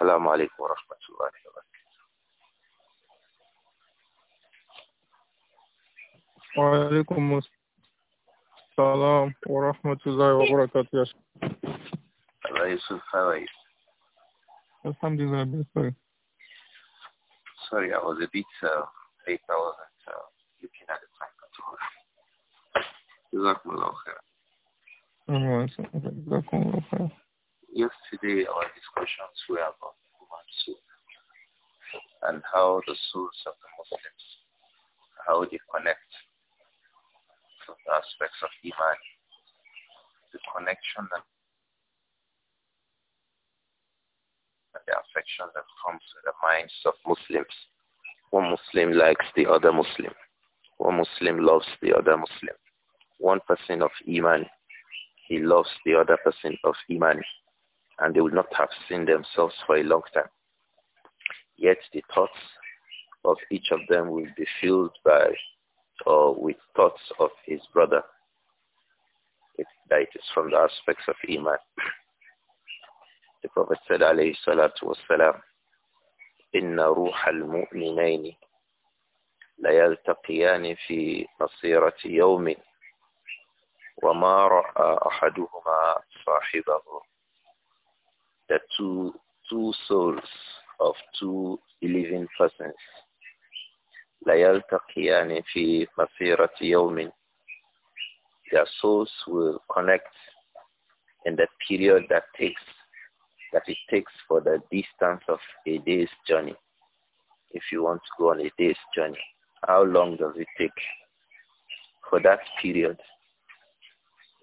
والسلام عليكم ورحمة الله وبركاته وعليكم السلام ورحمة الله وبركاته يا شيخ الله يوسف how are you? Alhamdulillah, sorry. Sorry, I was a bit uh, late. I wasn't uh, looking at the time at all. جزاكم الله خيرا. جزاكم الله خيرا yesterday our discussions were about human soul and how the souls of the Muslims, how they connect to the aspects of Iman, the connection and the affection that comes to the minds of Muslims. One Muslim likes the other Muslim. One Muslim loves the other Muslim. One person of Iman, he loves the other person of Iman and they would not have seen themselves for a long time. Yet the thoughts of each of them will be filled by or with thoughts of his brother. It, that it is from the aspects of Iman. The Prophet said, alayhi salatu wasalam, إن روح المؤمنين ليلتقيان في مصيرة wa وما رأى أحدهما sahibahu." the two, two souls of two believing persons. Their souls will connect in the period that takes that it takes for the distance of a day's journey. If you want to go on a day's journey, how long does it take for that period?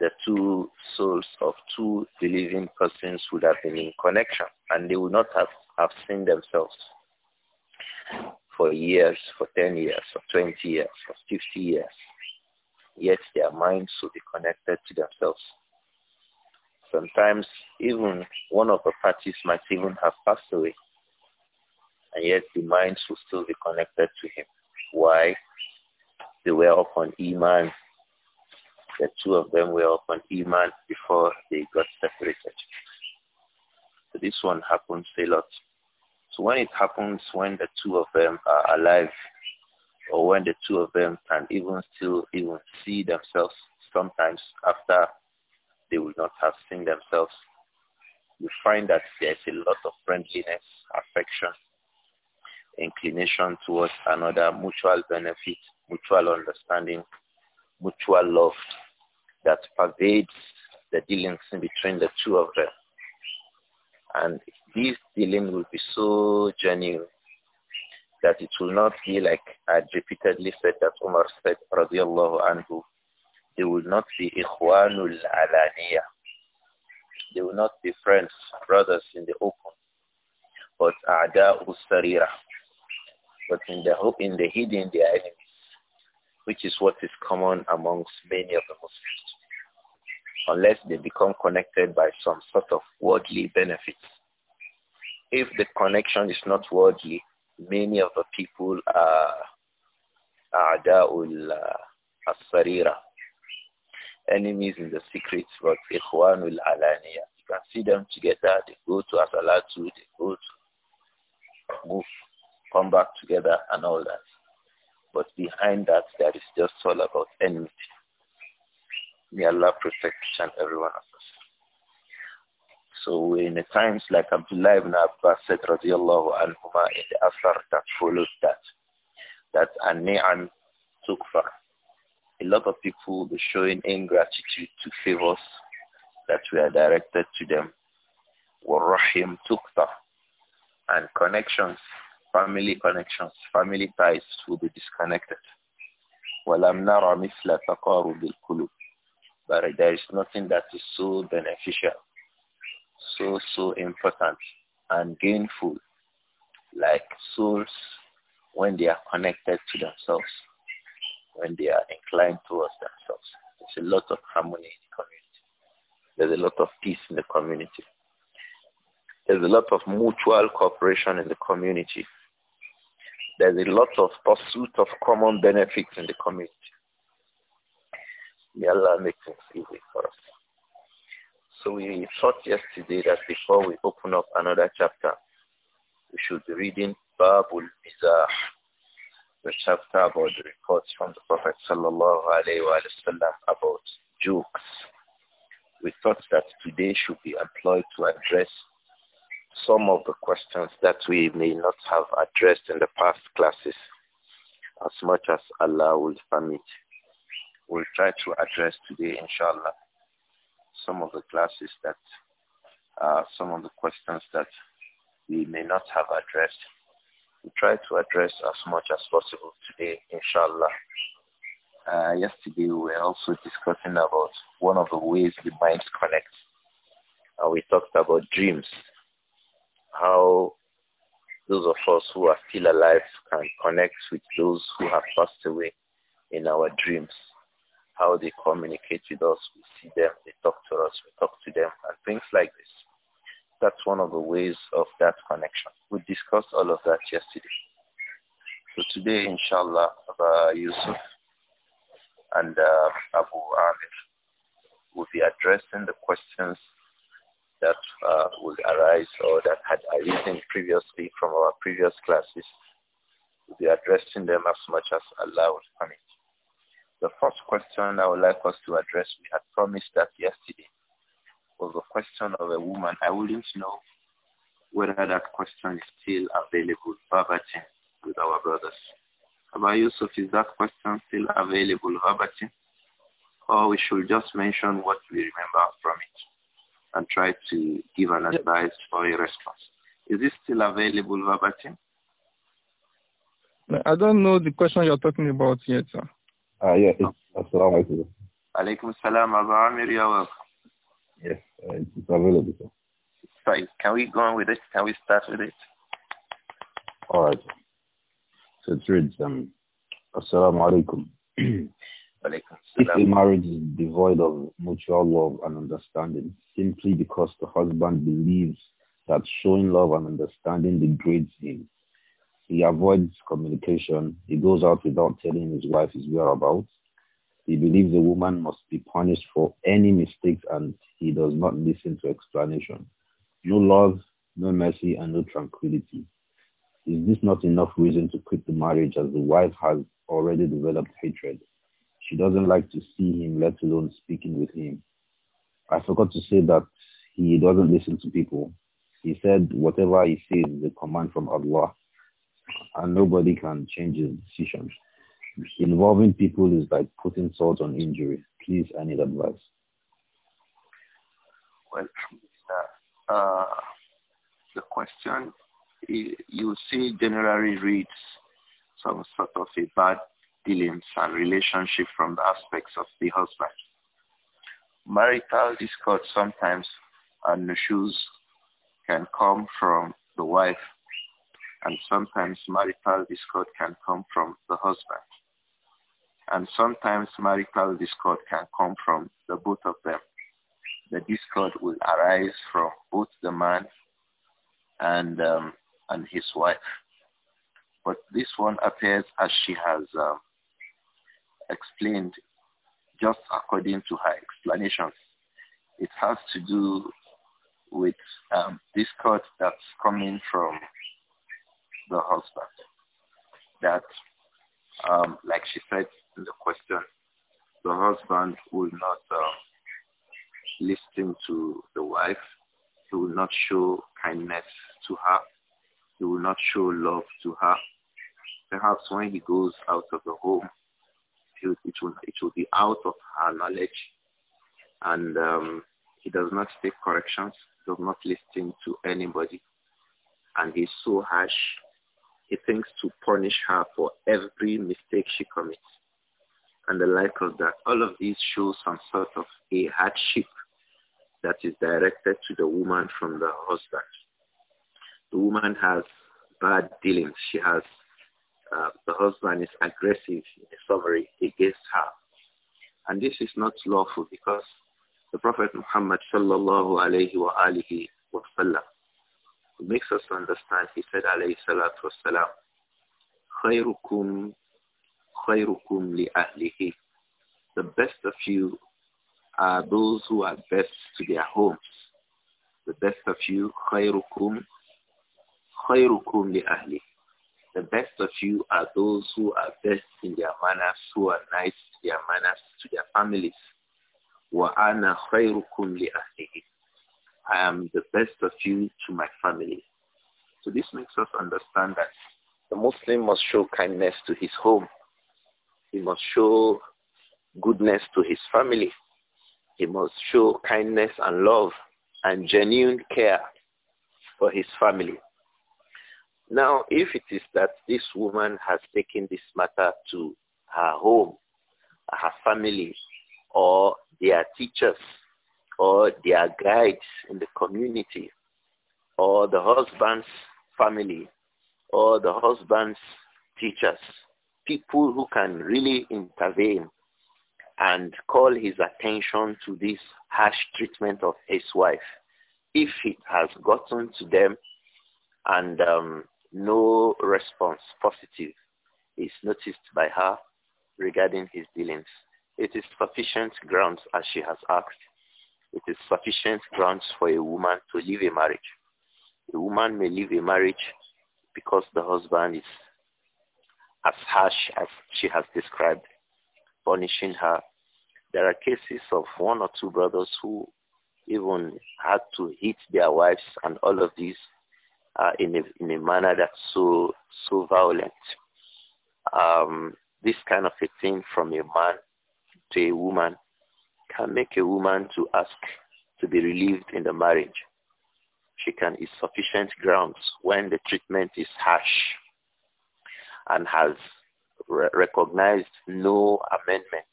the two souls of two believing persons would have been in connection and they would not have, have seen themselves for years, for 10 years, for 20 years, for 50 years. Yet their minds would be connected to themselves. Sometimes even one of the parties might even have passed away. And yet the minds will still be connected to him. Why? They were upon Iman the two of them were upon Iman before they got separated. So this one happens a lot. So when it happens when the two of them are alive or when the two of them can even still even see themselves sometimes after they will not have seen themselves, you find that there's a lot of friendliness, affection, inclination towards another, mutual benefit, mutual understanding, mutual love that pervades the dealings between the two of them. And this dealing will be so genuine that it will not be like I repeatedly said that Umar said, radiallahu anhu, they will not be ikhwanul alaniya. They will not be friends, brothers in the open, but a'da'u sarira. But in the, in the hidden, they are enemies, which is what is common amongst many of the Muslims unless they become connected by some sort of worldly benefits. If the connection is not worldly, many of the people are أعداء السريرة uh, enemies in the secret but align here. you can see them together they go to Asalatu they go to move come back together and all that but behind that there is just all about enmity Allah protect each and every one of us. So in the times like Abdullah ibn Abbas said, radiallahu anhuma, in the Asr that follows that, that an took tukfar. A lot of people were be showing ingratitude to favors that were directed to them. Warrahim tukfar. And connections, family connections, family ties will be disconnected. ولم نرى مثل تقارب القلوب but there is nothing that is so beneficial, so, so important and gainful, like souls when they are connected to themselves, when they are inclined towards themselves. There's a lot of harmony in the community. There's a lot of peace in the community. There's a lot of mutual cooperation in the community. There's a lot of pursuit of common benefits in the community. May Allah make things easy for us. So we thought yesterday that before we open up another chapter, we should be reading Babul Mizah, the chapter about the reports from the Prophet sallallahu alaihi wasallam about jokes. We thought that today should be employed to address some of the questions that we may not have addressed in the past classes as much as Allah will permit. We'll try to address today, inshallah, some of the classes that, uh, some of the questions that we may not have addressed. We'll try to address as much as possible today, inshallah. Uh, yesterday we were also discussing about one of the ways the mind connects. And we talked about dreams, how those of us who are still alive can connect with those who have passed away in our dreams how they communicate with us. We see them, they talk to us, we talk to them, and things like this. That's one of the ways of that connection. We discussed all of that yesterday. So today, inshallah, Abba Yusuf and uh, Abu Amir will be addressing the questions that uh, would arise or that had arisen previously from our previous classes. We'll be addressing them as much as allowed, I mean, the first question I would like us to address, we had promised that yesterday, was the question of a woman. I wouldn't know whether that question is still available, Babachin, with our brothers. About Yusuf, is that question still available, Babachin? Or we should just mention what we remember from it and try to give an advice for a response. Is it still available, Babachin? I don't know the question you're talking about yet, sir. Uh, yeah, oh. Assalamu alaikum. Alaikum assalam, Abu Amir, Yes, uh, it's available. Sir. Sorry, can we go on with it? Can we start with it? All right. So it reads, um, Assalamu alaikum. if a marriage is devoid of mutual love and understanding, simply because the husband believes that showing love and understanding degrades him, he avoids communication. He goes out without telling his wife his whereabouts. He believes a woman must be punished for any mistakes and he does not listen to explanation. No love, no mercy, and no tranquility. Is this not enough reason to quit the marriage as the wife has already developed hatred? She doesn't like to see him, let alone speaking with him. I forgot to say that he doesn't listen to people. He said, whatever he says is a command from Allah and nobody can change his decision. Involving people is like putting salt on injury. Please, I need advice. Well, uh, uh the question, you see generally reads some sort of a bad dealings and relationship from the aspects of the husband. Marital discord sometimes and issues can come from the wife and sometimes marital discord can come from the husband. And sometimes marital discord can come from the both of them. The discord will arise from both the man and um, and his wife. But this one appears as she has um, explained just according to her explanations. It has to do with um, discord that's coming from the husband. That, um, like she said in the question, the husband will not um, listen to the wife. He will not show kindness to her. He will not show love to her. Perhaps when he goes out of the home, it, it will, it will be out of her knowledge. And um, he does not take corrections, does not listen to anybody. And he's so harsh he thinks to punish her for every mistake she commits. And the like of that, all of these show some sort of a hardship that is directed to the woman from the husband. The woman has bad dealings. She has, uh, the husband is aggressive in summary against her. And this is not lawful because the Prophet Muhammad sallallahu alayhi wa alihi wa sallam it makes us understand, he said, alayhi salatu wasalam, خيركم خيركم لأهله The best of you are those who are best to their homes. The best of you, خيركم خيركم لأهله The best of you are those who are best in their manners, who are nice in their manners, to their families. وأنا خيركم لأهله I am the best of you to my family. So this makes us understand that the Muslim must show kindness to his home. He must show goodness to his family. He must show kindness and love and genuine care for his family. Now, if it is that this woman has taken this matter to her home, her family, or their teachers, or their guides in the community or the husband's family or the husband's teachers, people who can really intervene and call his attention to this harsh treatment of his wife if it has gotten to them and um, no response positive is noticed by her regarding his dealings. It is sufficient grounds as she has asked it is sufficient grounds for a woman to leave a marriage. A woman may leave a marriage because the husband is as harsh as she has described, punishing her. There are cases of one or two brothers who even had to hit their wives and all of these uh, in, a, in a manner that's so, so violent. Um, this kind of a thing from a man to a woman can make a woman to ask to be relieved in the marriage. She can is sufficient grounds when the treatment is harsh and has re recognized no amendment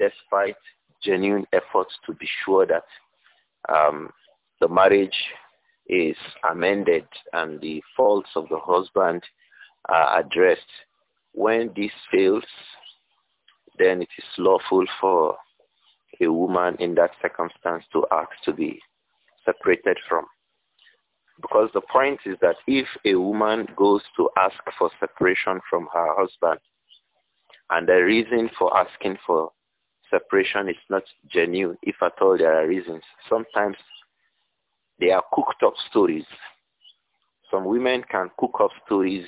despite genuine efforts to be sure that um, the marriage is amended and the faults of the husband are addressed. When this fails, then it is lawful for a woman in that circumstance to ask to be separated from. Because the point is that if a woman goes to ask for separation from her husband, and the reason for asking for separation is not genuine, if at all there are reasons, sometimes they are cooked up stories. Some women can cook up stories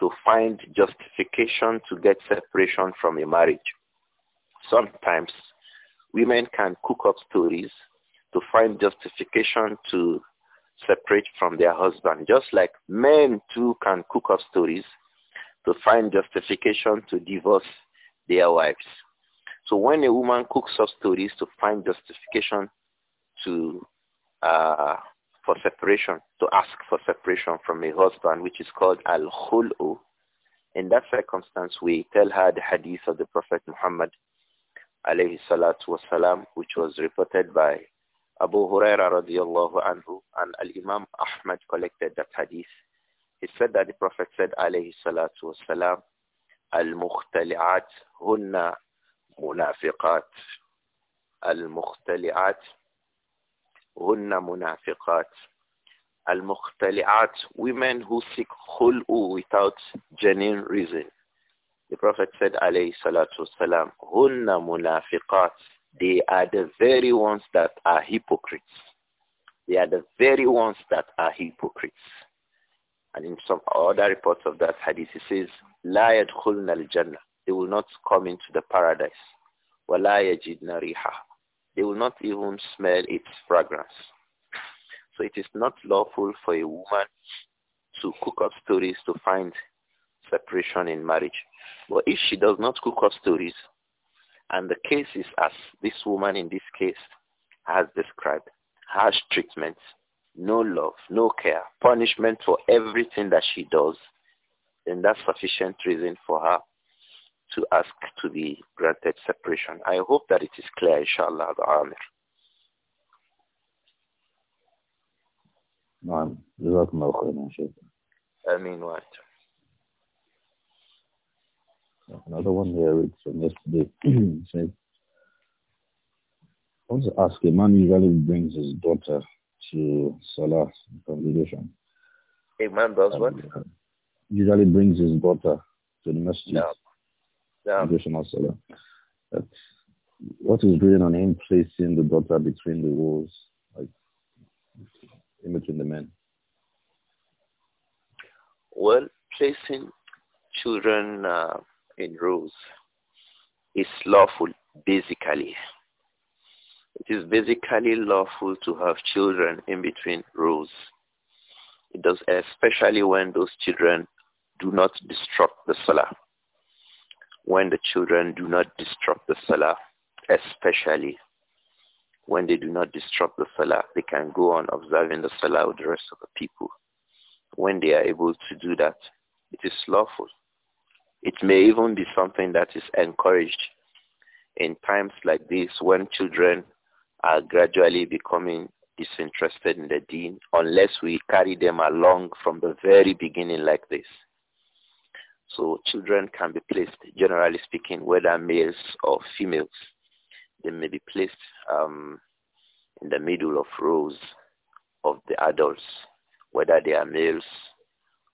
to find justification to get separation from a marriage. Sometimes women can cook up stories to find justification to separate from their husband, just like men too can cook up stories to find justification to divorce their wives. So when a woman cooks up stories to find justification to uh, for separation, to ask for separation from a husband, which is called al-khul'u, in that circumstance, we tell her the hadith of the Prophet Muhammad alayhi salatu wasalam, which was reported by Abu Huraira radiallahu anhu, and Al-Imam Ahmad collected that hadith. He said that the Prophet said, alayhi salatu wasalam, al-mukhtali'at hunna munafiqat. Al-mukhtali'at hunna munafiqat. Al-mukhtali'at, women who seek khul'u without genuine reason. The Prophet said, alayhi salatu salam. Hunna munafiqat. They are the very ones that are hypocrites. They are the very ones that are hypocrites. And in some other reports of that hadith, he says, La yadkhulna al-jannah. They will not come into the paradise. Wa la riha. They will not even smell its fragrance. So it is not lawful for a woman to cook up stories to find separation in marriage. But if she does not cook up stories, and the case is as this woman in this case has described, harsh treatment, no love, no care, punishment for everything that she does, then that's sufficient reason for her to ask to be granted separation. I hope that it is clear, inshallah, the نعم جزاكم الله خيرا Another one here I read from yesterday. it says, I want to ask, a man usually brings his daughter to Salah congregation. A man does what? Usually brings his daughter to the masjid. No. No. Congregational Salah. what is written on him placing the daughter between the walls, like in between the men? Well, placing children uh, in rules is lawful basically. It is basically lawful to have children in between rules. It does especially when those children do not disrupt the salah. When the children do not disrupt the salah, especially when they do not disrupt the salah, they can go on observing the salah with the rest of the people. When they are able to do that, it is lawful. It may even be something that is encouraged in times like this when children are gradually becoming disinterested in the dean, unless we carry them along from the very beginning like this. So children can be placed, generally speaking, whether males or females. They may be placed um, in the middle of rows of the adults, whether they are males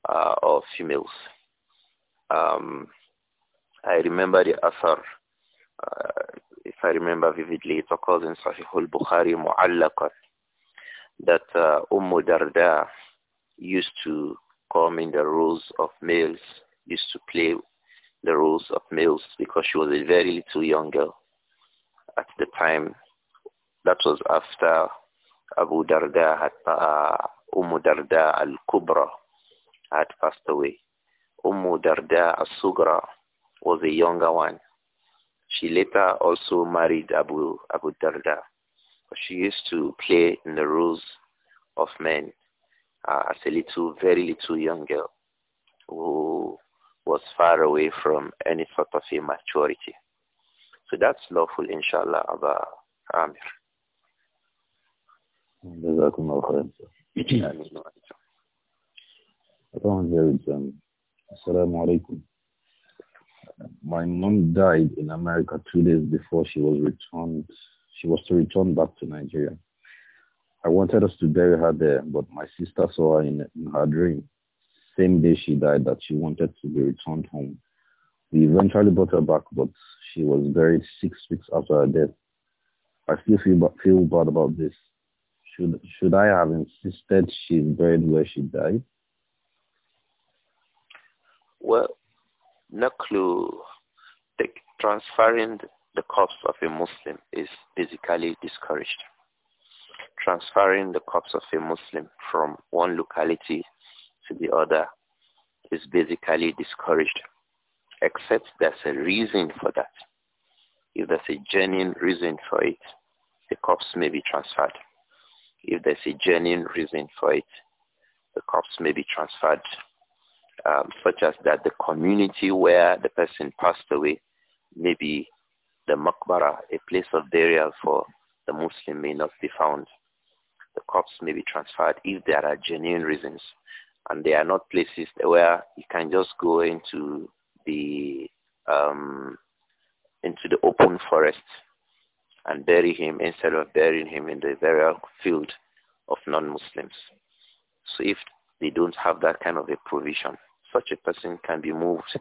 uh, or females um, I remember the author, uh, if I remember vividly, it occurs in Sahih al-Bukhari Mu'allaqat, that uh, Umm Darda used to come in the roles of males, used to play the roles of males because she was a very little young girl at the time. That was after Abu Darda had, uh, Umm Darda al-Kubra had passed away. Ummu Darda As-Sugra was the younger one. She later also married Abu, Abu Darda. She used to play in the roles of men uh, as a little, very little young girl who was far away from any sort of immaturity. So that's lawful, inshallah, Aba Amir. Assalamu alaikum. My mom died in America two days before she was returned. She was to return back to Nigeria. I wanted us to bury her there, but my sister saw her in, in her dream. Same day she died that she wanted to be returned home. We eventually brought her back, but she was buried six weeks after her death. I still feel, feel bad about this. Should, should I have insisted she's buried where she died? Well, no the, transferring the cups of a Muslim is basically discouraged. Transferring the cups of a Muslim from one locality to the other is basically discouraged, except there's a reason for that. If there's a genuine reason for it, the cups may be transferred. If there's a genuine reason for it, the cups may be transferred um, such as that the community where the person passed away may be the makbara, a place of burial for the Muslim may not be found. The corpse may be transferred if there are genuine reasons. And there are not places where you can just go into the um, into the open forest and bury him instead of burying him in the burial field of non-Muslims. So if they don't have that kind of a provision, such a person can be moved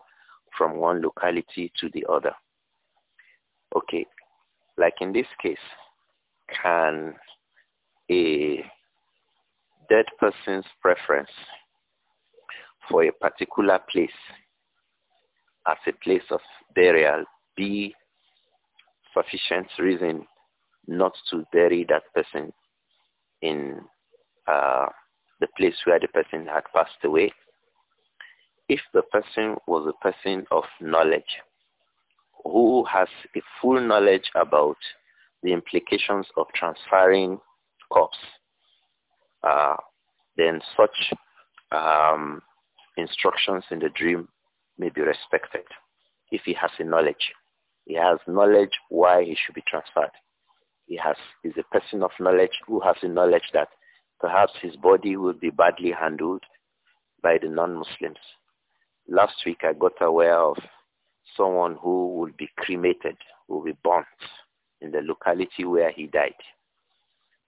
from one locality to the other. Okay, like in this case, can a dead person's preference for a particular place as a place of burial be sufficient reason not to bury that person in uh, the place where the person had passed away if the person was a person of knowledge who has a full knowledge about the implications of transferring crops, uh, then such um, instructions in the dream may be respected if he has a knowledge. He has knowledge why he should be transferred. He has, is a person of knowledge who has a knowledge that perhaps his body will be badly handled by the non-Muslims Last week I got aware of someone who will be cremated, will be burnt in the locality where he died.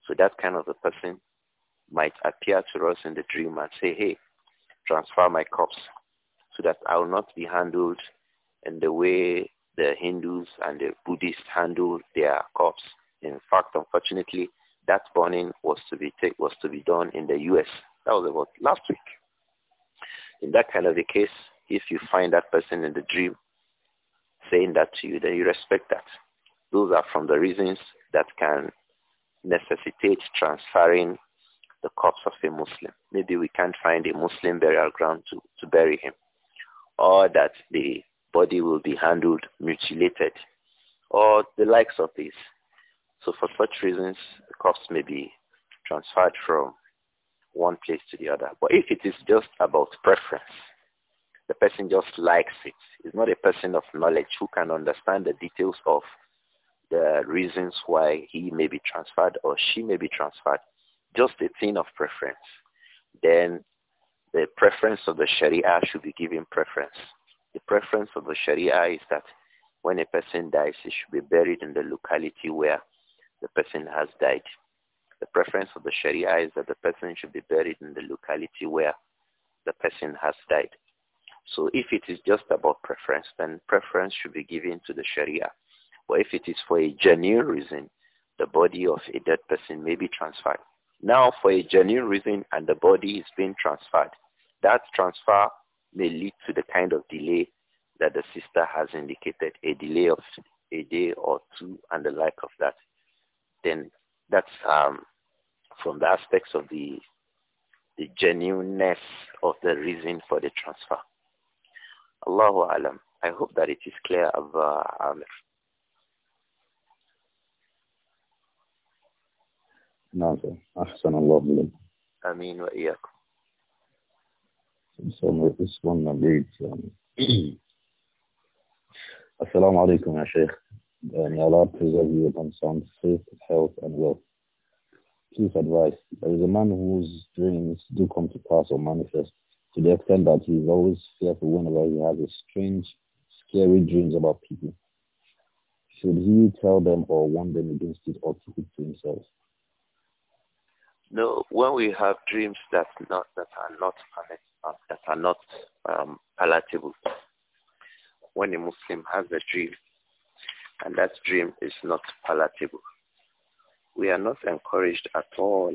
So that kind of a person might appear to us in the dream and say, hey, transfer my corpse so that I will not be handled in the way the Hindus and the Buddhists handle their corpse. In fact, unfortunately, that burning was to be was to be done in the U.S. That was about last week. In that kind of a case, if you find that person in the dream saying that to you, then you respect that. Those are from the reasons that can necessitate transferring the corpse of a Muslim. Maybe we can't find a Muslim burial ground to, to bury him. Or that the body will be handled, mutilated, or the likes of these. So for such reasons, the corpse may be transferred from one place to the other. But if it is just about preference, the person just likes it. It's not a person of knowledge who can understand the details of the reasons why he may be transferred or she may be transferred. Just a thing of preference. Then the preference of the Sharia should be given preference. The preference of the Sharia is that when a person dies, he should be buried in the locality where the person has died. The preference of the Sharia is that the person should be buried in the locality where the person has died. So if it is just about preference, then preference should be given to the Sharia. But if it is for a genuine reason, the body of a dead person may be transferred. Now for a genuine reason and the body is being transferred, that transfer may lead to the kind of delay that the sister has indicated, a delay of a day or two and the like of that. Then that's um, from the aspects of the, the genuineness of the reason for the transfer. Allahu alam. I hope that it is clear, Abba Amir. نعم أحسن الله إليك آمين وإياكم نسمي اسم النبي السلام عليكم يا شيخ Allah preserve you on sound faith, health and wealth. Please advise, there is a man whose dreams do come to pass or manifest to the extent that he's always fearful whenever he has a strange, scary dreams about people. Should he tell them or warn them against it or keep it to himself? No, when we have dreams that not that are not uh, that are not um, palatable, when a Muslim has a dream and that dream is not palatable, we are not encouraged at all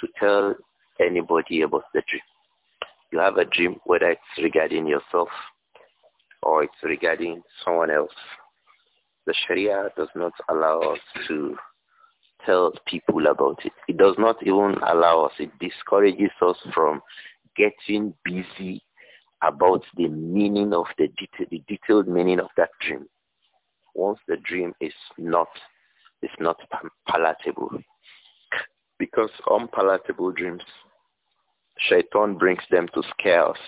to tell anybody about the dream. You have a dream, whether it's regarding yourself or it's regarding someone else. The Sharia does not allow us to tell people about it. It does not even allow us. It discourages us from getting busy about the meaning of the, detail, the detailed meaning of that dream. Once the dream is not, is not palatable. Because unpalatable dreams Shaitan brings them to scales.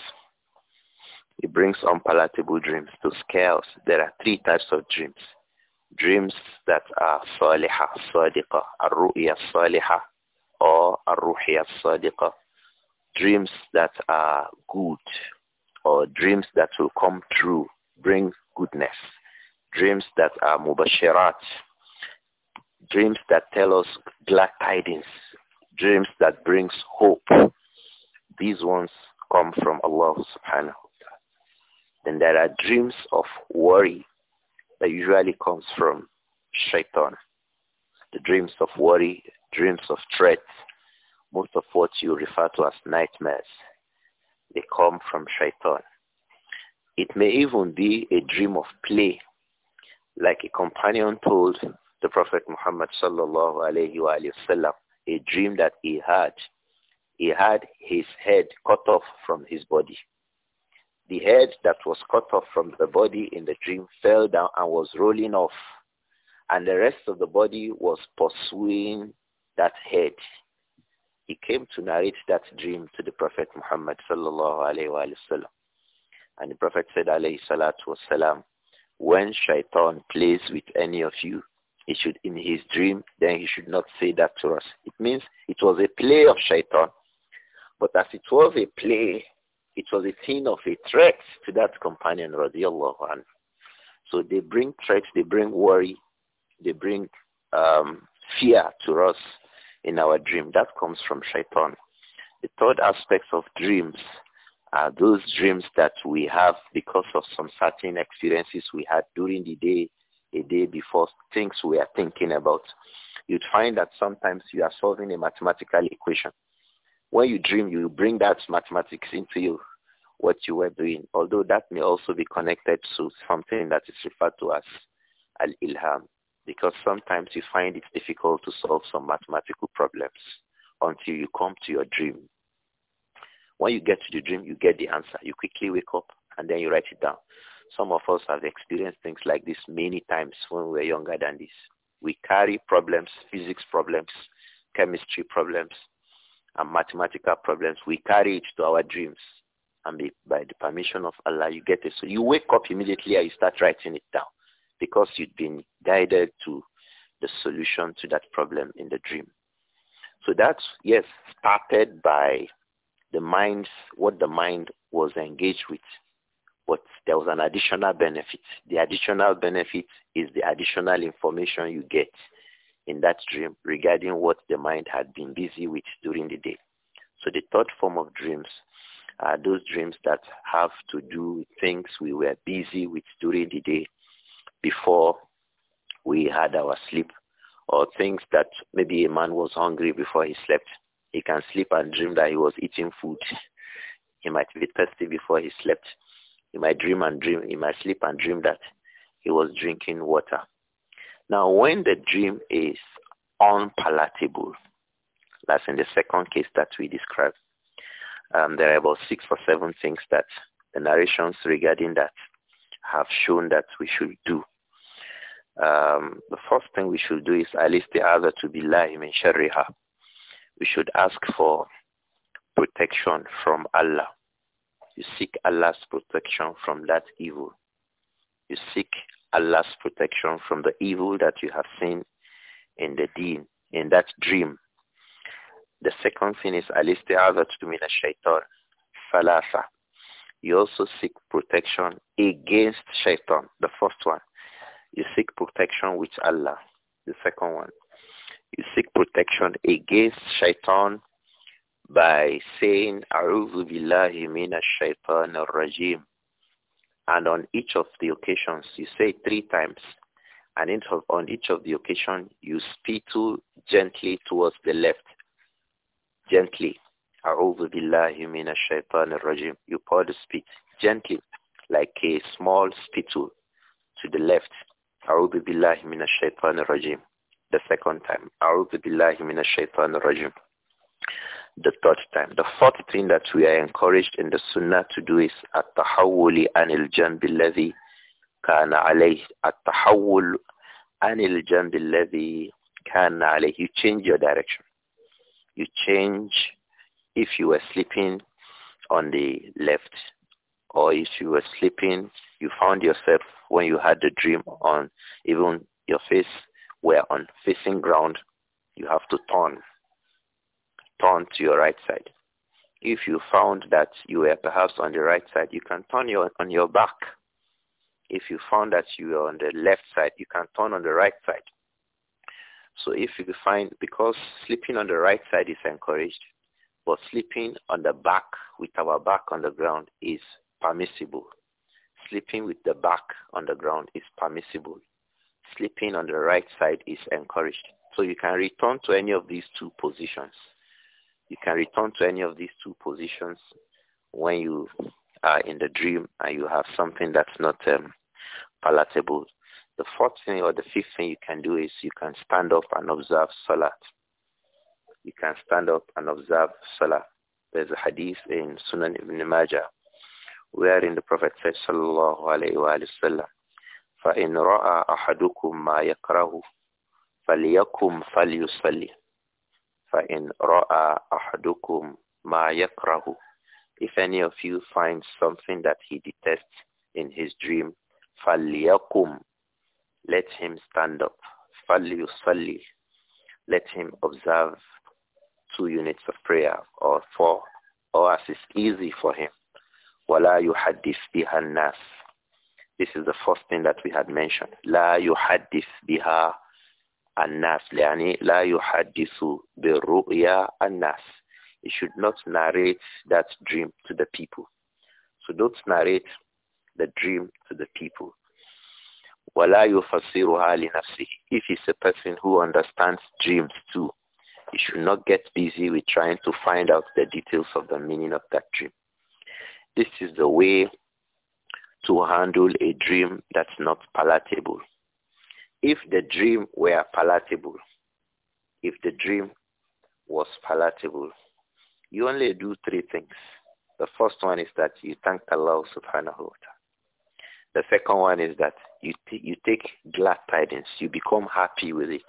He brings unpalatable dreams to scales. There are three types of dreams. Dreams that are saliha, sadiqa, arruya saliha, or arruya ruhya sadiqa. Dreams that are good, or dreams that will come true, bring goodness. Dreams that are mubashirat, dreams that tell us glad tidings, dreams that brings hope these ones come from Allah subhanahu Wa Taala. Then there are dreams of worry that usually comes from shaitan. The dreams of worry, dreams of threat. most of what you refer to as nightmares, they come from shaitan. It may even be a dream of play, like a companion told the Prophet Muhammad sallallahu alayhi wa sallam, a dream that he had he had his head cut off from his body. The head that was cut off from the body in the dream fell down and was rolling off, and the rest of the body was pursuing that head. He came to narrate that dream to the Prophet Muhammad sallallahu and the Prophet said alayhi salatu wasalam, when shaitan plays with any of you, he should in his dream, then he should not say that to us. It means it was a play of shaitan but as it was a play, it was a scene of a threat to that companion, radiallahu anhu. So they bring threats, they bring worry, they bring um, fear to us in our dream. That comes from shaitan. The third aspect of dreams are those dreams that we have because of some certain experiences we had during the day, a day before, things we are thinking about. You'd find that sometimes you are solving a mathematical equation when you dream, you bring that mathematics into you, what you were doing, although that may also be connected to something that is referred to as al-ilham, because sometimes you find it difficult to solve some mathematical problems until you come to your dream. When you get to the dream, you get the answer. You quickly wake up and then you write it down. Some of us have experienced things like this many times when we were younger than this. We carry problems, physics problems, chemistry problems, and mathematical problems, we carry it to our dreams. And by the permission of Allah, you get it. So you wake up immediately and you start writing it down because you've been guided to the solution to that problem in the dream. So that's, yes, started by the mind, what the mind was engaged with. But there was an additional benefit. The additional benefit is the additional information you get in that dream regarding what the mind had been busy with during the day. So the third form of dreams are those dreams that have to do with things we were busy with during the day before we had our sleep or things that maybe a man was hungry before he slept. He can sleep and dream that he was eating food. He might be thirsty before he slept. He might dream and dream. He might sleep and dream that he was drinking water. Now, when the dream is unpalatable, that's in the second case that we described, um, there are about six or seven things that the narrations regarding that have shown that we should do. Um, the first thing we should do is at least the other to be lime in shariha. We should ask for protection from Allah. You seek Allah's protection from that evil. You seek Allah's protection from the evil that you have seen in the deen, in that dream. The second thing is al-isti'azatu min ash-shaytan. Falasa. You also seek protection against shaitan, the first one. You seek protection with Allah, the second one. You seek protection against shaitan by saying, A'udhu billahi minash shaitan rajim and on each of the occasions, you say three times. And on each of the occasion, you to gently towards the left. Gently. أعوذ بالله من الشيطان rajim. You pour the spit gently, like a small spittle to the left. أعوذ بالله من الشيطان الرجيم. The second time. أعوذ بالله من الشيطان rajim the third time. The fourth thing that we are encouraged in the Sunnah to do is at-tahawuli anil jambi alladhi kana alayhi. At-tahawul anil jambi alladhi kana alayhi. You change your direction. You change if you were sleeping on the left or if you were sleeping, you found yourself when you had the dream on even your face were on facing ground, you have to turn turn to your right side. If you found that you were perhaps on the right side, you can turn your, on your back. If you found that you were on the left side, you can turn on the right side. So if you find, because sleeping on the right side is encouraged, but sleeping on the back with our back on the ground is permissible. Sleeping with the back on the ground is permissible. Sleeping on the right side is encouraged. So you can return to any of these two positions. You can return to any of these two positions when you are in the dream and you have something that's not um, palatable. The fourth thing or the fifth thing you can do is you can stand up and observe Salat. You can stand up and observe Salat. There's a hadith in Sunan Ibn Majah wherein the Prophet said, Sallallahu alaihi wa فَإِنْ رَأَى أَحَدُكُمْ مَا يَكْرَهُ فَلْيَكُمْ فَلْيُصَلِّ فَإِنْ رَأَى أَحَدُكُمْ مَا يَكْرَهُ If any of you finds something that he detests in his dream, فَلْيَقُمْ Let him stand up. Let him observe two units of prayer or four or as is easy for him. وَلَا يُحَدِّثْ بِهَا النَّاسِ This is the first thing that we had mentioned. لَا يُحَدِّثْ بِهَا الناس يعني لا يحدث بالرؤيا الناس He should not narrate that dream to the people. So don't narrate the dream to the people. ولا يفسرها لنفسه If he's a person who understands dreams too, he should not get busy with trying to find out the details of the meaning of that dream. This is the way to handle a dream that's not palatable. If the dream were palatable, if the dream was palatable, you only do three things. The first one is that you thank Allah subhanahu wa ta'ala. The second one is that you, you take glad tidings. You become happy with it.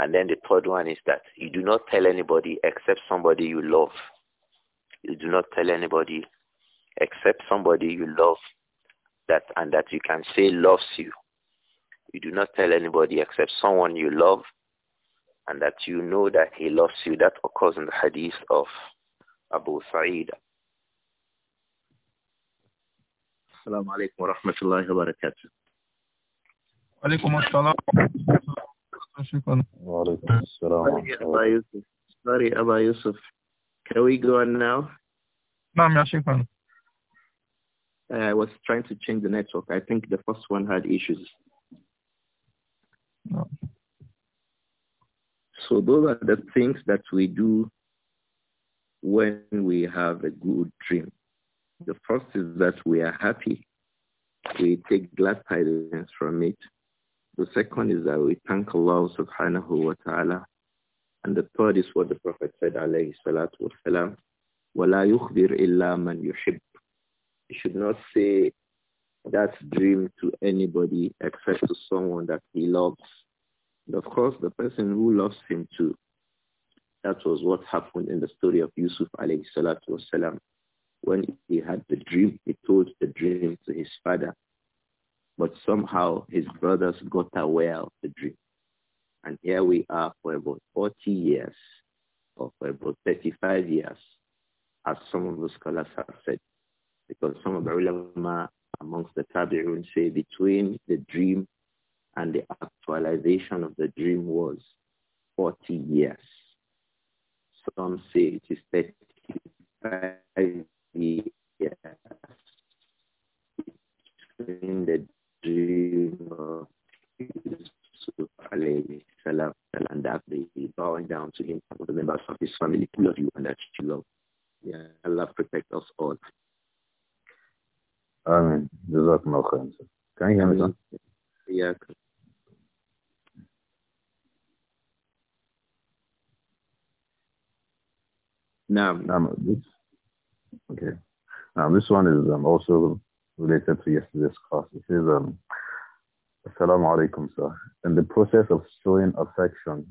And then the third one is that you do not tell anybody except somebody you love. You do not tell anybody except somebody you love that and that you can say loves you. You do not tell anybody except someone you love and that you know that he loves you. That occurs in the hadith of Abu Sa'id. Assalamu alaikum wa rahmatullahi wa barakatuh. Alaikum assalam. Sorry, Abba Yusuf. Can we go on now? Naam, ya Shukran. Uh, I was trying to change the network. I think the first one had issues. No. So those are the things that we do when we have a good dream. The first is that we are happy. We take glad tidings from it. The second is that we thank Allah subhanahu wa ta'ala. And the third is what the Prophet said alayhi salatu wa salam. وَلَا يُخْبِرْ إِلَّا مَنْ يُحِبْ You should not say that dream to anybody except to someone that he loves. And of course, the person who loves him too. That was what happened in the story of Yusuf alayhi salatu wasalam. When he had the dream, he told the dream to his father. But somehow his brothers got aware of the dream. And here we are for about 40 years or for about 35 years, as some of the scholars have said, because some of the ulama amongst the Tabi'un say between the dream and the actualization of the dream was 40 years. Some say it is 35 years between the dream of Yusuf and that they bowing down to him and the members of his family. Love you and that you love. Yeah, Allah protect us all. Amen. Jazakumullah khairan. Can you hear me, sir? Yeah. No. now this, okay. Now, this one is um, also related to yesterday's class. It says, um, Assalamu alaikum, sir. In the process of showing affection,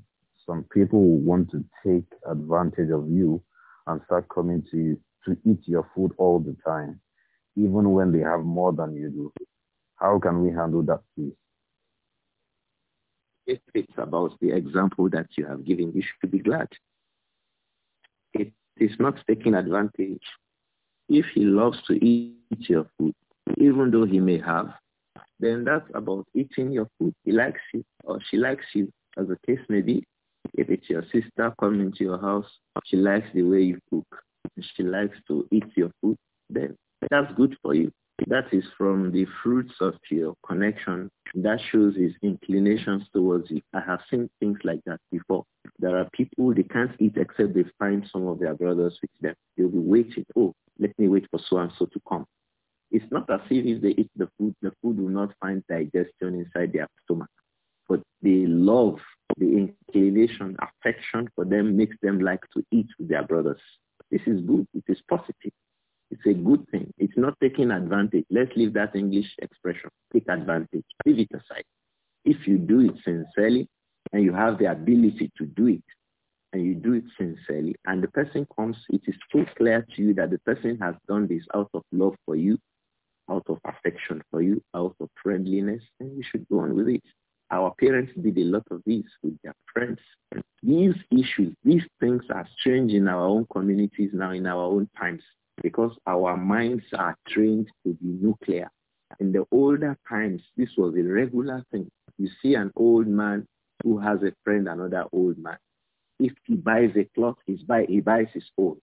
some people want to take advantage of you and start coming to you to eat your food all the time even when they have more than you do. How can we handle that, please? If it's about the example that you have given, you should be glad. It is not taking advantage. If he loves to eat your food, even though he may have, then that's about eating your food. He likes you or she likes you, as the case may be. If it's your sister coming to your house, she likes the way you cook. She likes to eat your food, then that's good for you. That is from the fruits of your connection. That shows his inclinations towards you. I have seen things like that before. There are people, they can't eat except they find some of their brothers with them. They'll be waiting. Oh, let me wait for so-and-so to come. It's not as if if they eat the food, the food will not find digestion inside their stomach. But the love, the inclination, affection for them makes them like to eat with their brothers. This is good. It is positive. It's a good thing. It's not taking advantage. Let's leave that English expression, take advantage. Leave it aside. If you do it sincerely and you have the ability to do it, and you do it sincerely, and the person comes, it is so clear to you that the person has done this out of love for you, out of affection for you, out of friendliness, and you should go on with it. Our parents did a lot of this with their friends. These issues, these things are strange in our own communities now, in our own times because our minds are trained to be nuclear. In the older times, this was a regular thing. You see an old man who has a friend, another old man. If he buys a cloth, he's buy, he buys his own.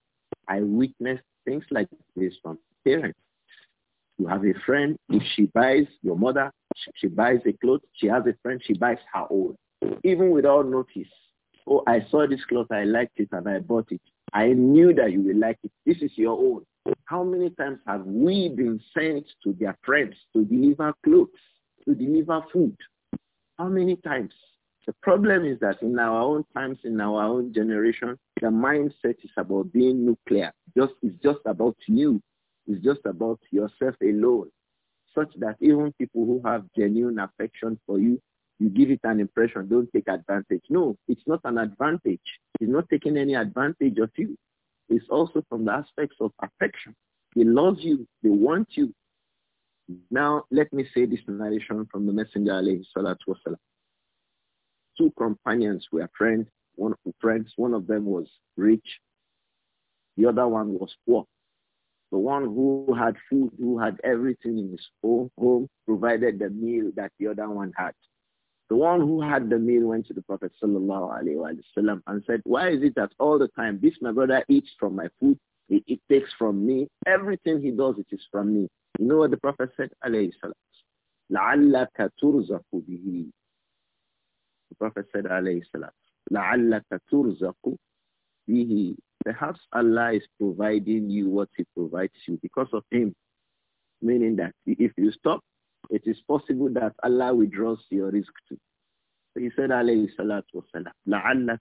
I witnessed things like this from parents. You have a friend, if she buys your mother, she, she buys a cloth, she has a friend, she buys her own. Even without notice. Oh, I saw this cloth, I liked it, and I bought it. I knew that you will like it. This is your own. How many times have we been sent to their friends to deliver clothes, to deliver food? How many times? The problem is that in our own times, in our own generation, the mindset is about being nuclear. Just, it's just about you. It's just about yourself alone. Such that even people who have genuine affection for you, you give it an impression. Don't take advantage. No, it's not an advantage. He's not taking any advantage of you. It's also from the aspects of affection. They love you. They want you. Now, let me say this narration from the Messenger, alayhi salatu wasalam. Two companions were friends. One, friends. one of them was rich. The other one was poor. The one who had food, who had everything in his own home, provided the meal that the other one had. The one who had the meal went to the Prophet sallallahu and said, why is it that all the time this my brother eats from my food, it, takes from me, everything he does it is from me. You know what the Prophet said alayhi salam? لَعَلَّكَ تُرْزَقُ بِهِ The Prophet said alayhi salam, لَعَلَّكَ تُرْزَقُ بِهِ Perhaps Allah is providing you what he provides you because of him. Meaning that if you stop it is possible that Allah withdraws your risk too. So he said, alayhi salatu wasalam,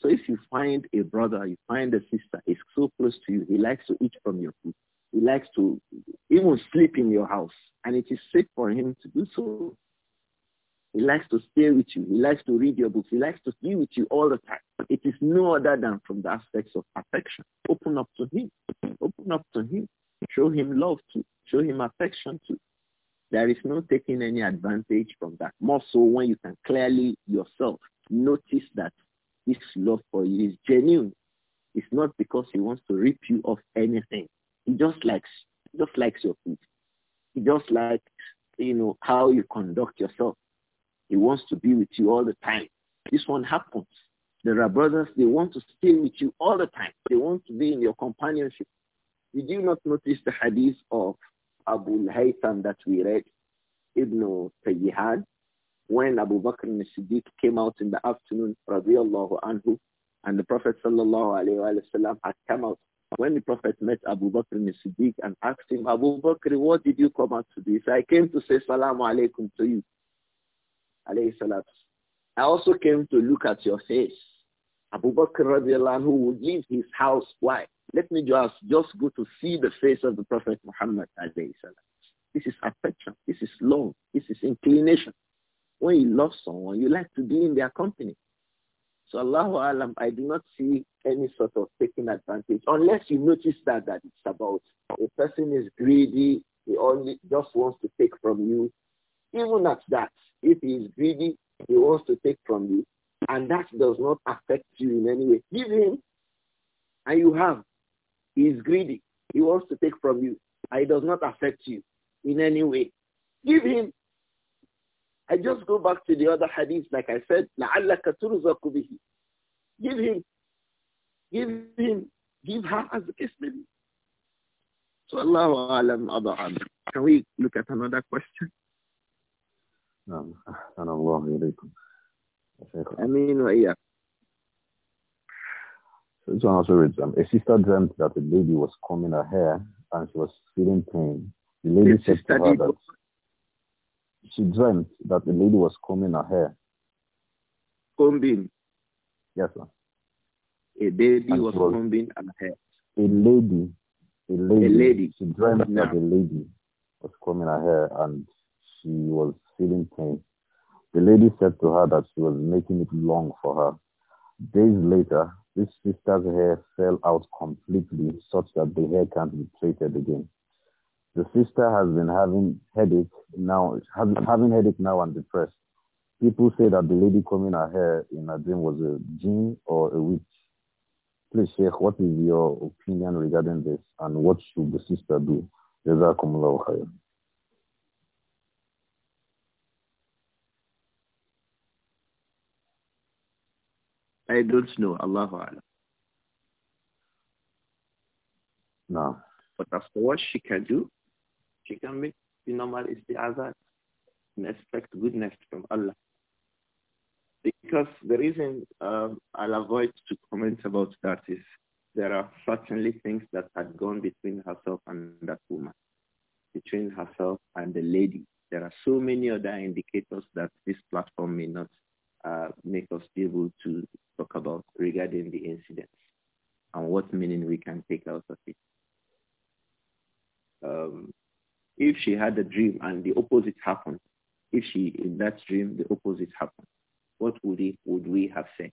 So if you find a brother, you find a sister, is so close to you, he likes to eat from your food, he likes to even sleep in your house, and it is safe for him to do so. He likes to stay with you. He likes to read your books. He likes to be with you all the time. It is no other than from the aspects of affection. Open up to him. Open up to him. Show him love too. Show him affection too. There is no taking any advantage from that. More so when you can clearly yourself notice that his love for you is genuine. It's not because he wants to rip you off anything. He just likes just likes your feet. He just likes, you know, how you conduct yourself. He wants to be with you all the time. This one happens. There are brothers, they want to stay with you all the time. They want to be in your companionship. Did you not notice the hadith of Abu al-Haytham that we read, Ibn Tayyihan, when Abu Bakr al-Siddiq came out in the afternoon, radiallahu anhu, and the Prophet sallallahu alayhi wa had come out. When the Prophet met Abu Bakr al-Siddiq and asked him, Abu Bakr, what did you come out to do? He said, I came to say salamu alaykum to you. Alayhi salatu. I also came to look at your face. Abu Bakr radiallahu anhu would leave his house. Why? Let me just, just go to see the face of the Prophet Muhammad. This is affection. This is love. This is inclination. When you love someone, you like to be in their company. So Allahu Alam, I do not see any sort of taking advantage unless you notice that, that it's about a person is greedy, he only just wants to take from you. Even at that, if he is greedy, he wants to take from you. And that does not affect you in any way. Give him and you have. He is greedy. He wants to take from you and it does not affect you in any way. Give him. I just go back to the other hadith like I said, لَعَلَّكَ تُرْزَقُ بِهِ Give him. Give him. Give her as a kiss. may So Allah alam Can we look at another question? نعم أحسن الله this one also reads, um, a sister dreamt that a lady was combing her hair and she was feeling pain. The lady said to her that she dreamt that the lady was combing her hair. Combing? Yes, sir. A lady was, was, combing her hair. A lady, a lady. A lady. She dreamt no. that a lady was combing her hair and she was feeling pain. The lady said to her that she was making it long for her. Days later, this sister's hair fell out completely such that the hair can't be plaited again. The sister has been having headache now, having headache now and depressed. People say that the lady combing her hair in her dream was a jinn or a witch. Please, Sheikh, what is your opinion regarding this and what should the sister do? جزاكم الله I don't know. Allah Alam. No. But as for what she can do, she can make the normal isti'azat and expect goodness from Allah. Because the reason um, I'll avoid to comment about that is there are certainly things that had gone between herself and that woman, between herself and the lady. There are so many other indicators that this platform may not uh, make us able to talk about regarding the incident and what meaning we can take out of it. Um, if she had a dream and the opposite happened, if she in that dream the opposite happened, what would it would we have said?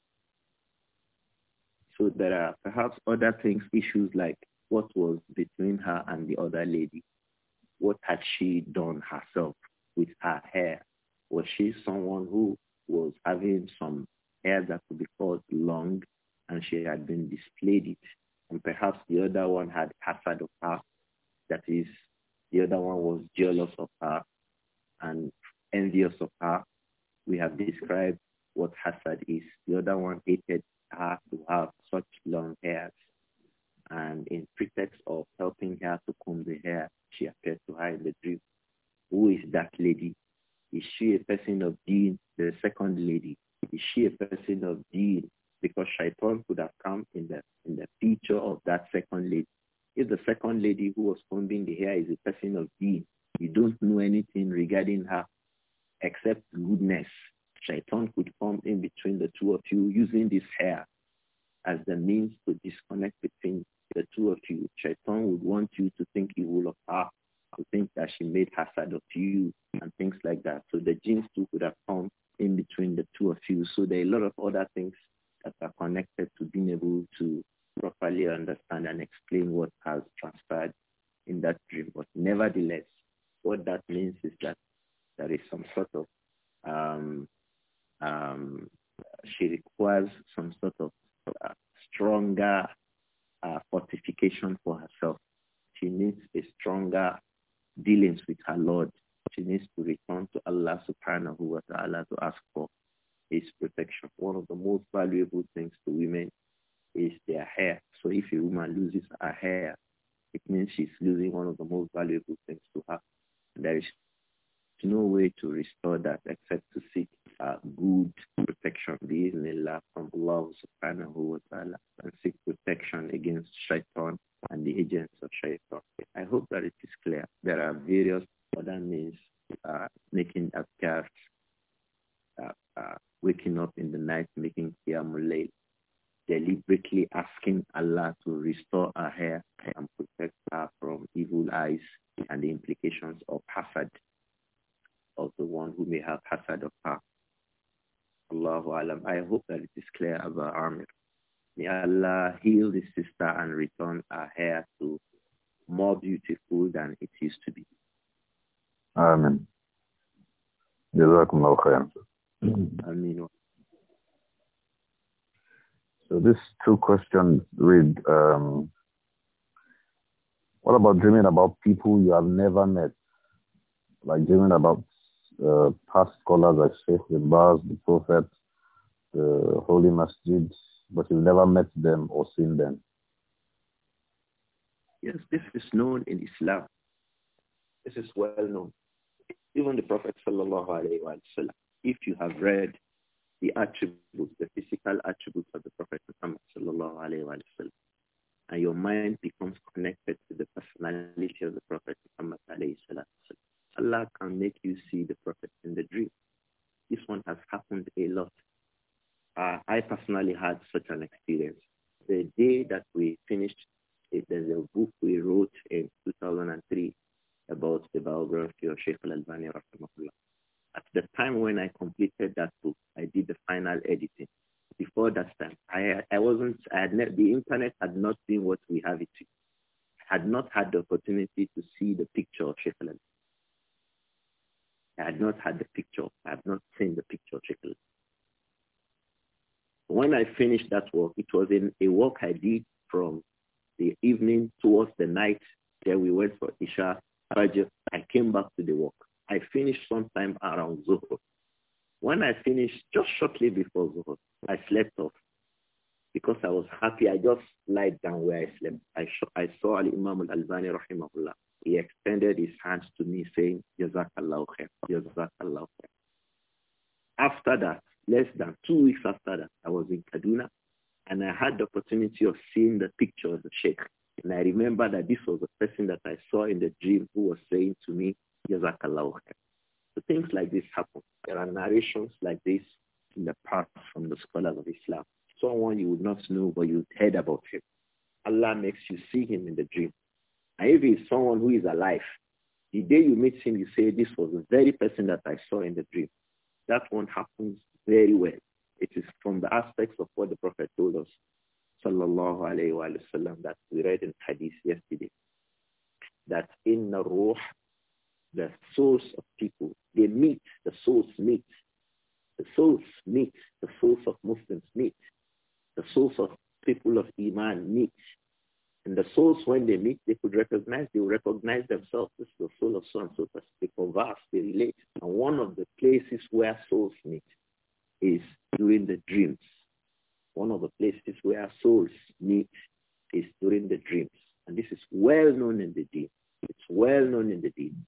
So there are perhaps other things, issues like what was between her and the other lady. What had she done herself with her hair? Was she someone who was having some hair that could be called long, and she had been displayed it. And perhaps the other one had hazard of her. That is, the other one was jealous of her and envious of her. We have described what hazard is. The other one hated her to have such long hairs. And in pretext of helping her to comb the hair, she appeared to her in the dream. Who is that lady? Is she a person of deed? The second lady. Is she a person of deed? Because Shaitan could have come in the in the picture of that second lady. If the second lady who was combing the hair is a person of deed, you don't know anything regarding her except goodness. Shaitan could come in between the two of you using this hair as the means to disconnect between the two of you. Shaitan would want you to think evil of her and think that she made her side of you and things like that. So the genes too could have come in between the two of you. So there are a lot of other things that are connected to being able to properly understand and explain what has transpired in that dream. But nevertheless, what that means is that there is some sort of um, um, she requires some sort of uh, stronger uh, fortification for herself. She needs a stronger dealings with her Lord. She needs to return to Allah subhanahu wa ta'ala to ask for his protection. One of the most valuable things to women is their hair. So if a woman loses her hair, it means she's losing one of the most valuable things to her. There is no way to restore that except to seek uh, good protection, bi'idhnillah, from Allah subhanahu wa ta'ala, and seek protection against shaitan and the agents of shaitan. I hope that it is clear. There are various other means, uh, making adhkars, uh, uh, waking up in the night, making qiyamul deliberately asking Allah to restore her hair and protect her from evil eyes and the implications of hazard also one who may have hasad of her. Allahu alam. I hope that it is clear about Amir. May Allah heal this sister and return her hair to more beautiful than it used to be. Amen. Amen. So these two questions read, um, what about dreaming about people you have never met? Like dreaming about uh, past scholars like Sheikh Ibaz, the Prophet, the Holy Masjid, but you've never met them or seen them. Yes, this is known in Islam. This is well known. Even the Prophet sallallahu if you have read the attributes, the physical attributes of the Prophet Muhammad sallallahu and your mind becomes connected to the personality of the Prophet Muhammad alayhi Allah can make you see the prophet in the dream. This one has happened a lot. Uh, I personally had such an experience. The day that we finished, it, there's a book we wrote in 2003 about the biography of Sheikh Al-Albani At the time when I completed that book, I did the final editing. Before that time, I, I wasn't, I had ne- the internet had not been what we have it to. I had not had the opportunity to see the picture of Sheikh Al-Albani. I had not had the picture. I had not seen the picture trickle. When I finished that work, it was in a work I did from the evening towards the night. There we went for Isha. I came back to the work. I finished sometime around Zuhur. When I finished, just shortly before Zuhur, I slept off because I was happy. I just lied down where I slept. I, I saw Ali imam Al-Albani, rahimahullah. He extended his hands to me saying, Jazakallah khair, Jazakallah After that, less than two weeks after that, I was in Kaduna and I had the opportunity of seeing the picture of the Sheikh. And I remember that this was the person that I saw in the dream who was saying to me, Jazakallah So things like this happen. There are narrations like this in the past from the scholars of Islam. Someone you would not know, but you'd heard about him. Allah makes you see him in the dream. And if it's someone who is alive, the day you meet him, you say, this was the very person that I saw in the dream. That one happens very well. It is from the aspects of what the Prophet told us, sallallahu alayhi wa sallam, that we read in hadith yesterday, that in the ruh, the souls of people, they meet, the souls meet. The souls meet, the souls of Muslims meet, the souls of people of Iman meet and the souls, when they meet, they could recognize, they will recognize themselves. This is the soul of so and so They converse, they relate. And one of the places where souls meet is during the dreams. One of the places where souls meet is during the dreams. And this is well known in the deen. It's well known in the deen.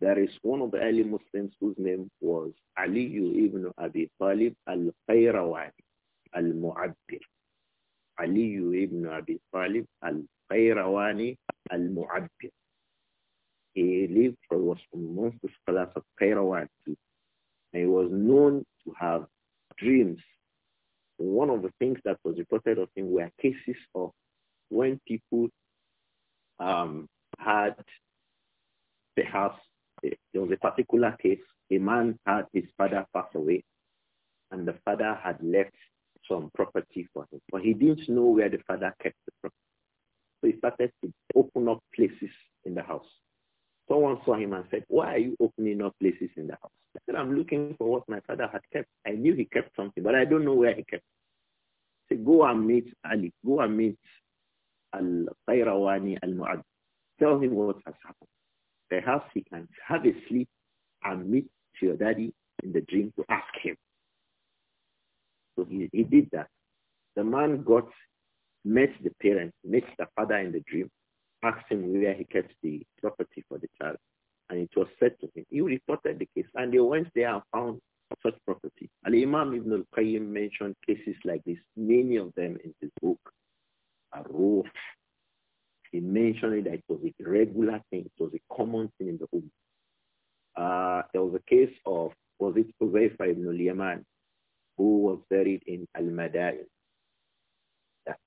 There is one of the early Muslims whose name was Ali ibn Abi Talib al-Qayrawani al-Mu'abbir. Ali ibn Abi Talib al-Qayrawani al-Mu'abbir. He lived or was amongst the scholars of Qayrawan too. And he was known to have dreams. One of the things that was reported of him were cases of when people um, had perhaps, there was a particular case, a man had his father pass away and the father had left some property for him. But he didn't know where the father kept the property. So he started to open up places in the house. Someone saw him and said, why are you opening up places in the house? I said, I'm looking for what my father had kept. I knew he kept something, but I don't know where he kept it. He said, go and meet Ali. Go and meet Al-Qayrawani Al-Mu'ad. Tell him what has happened. Perhaps he can have a sleep and meet your daddy in the dream to ask him. So he, he did that. The man got, met the parents, met the father in the dream, asked him where he kept the property for the child, and it was said to him. He reported the case, and they went there and found such property. Al-Imam Ibn al-Qayyim mentioned cases like this, many of them in his book, Ar-Ruh. He mentioned that it was a regular thing. It was a common thing in the home. Uh, there was a case of, was it Uzaifa ibn al-Yaman? who was buried in Al-Madain.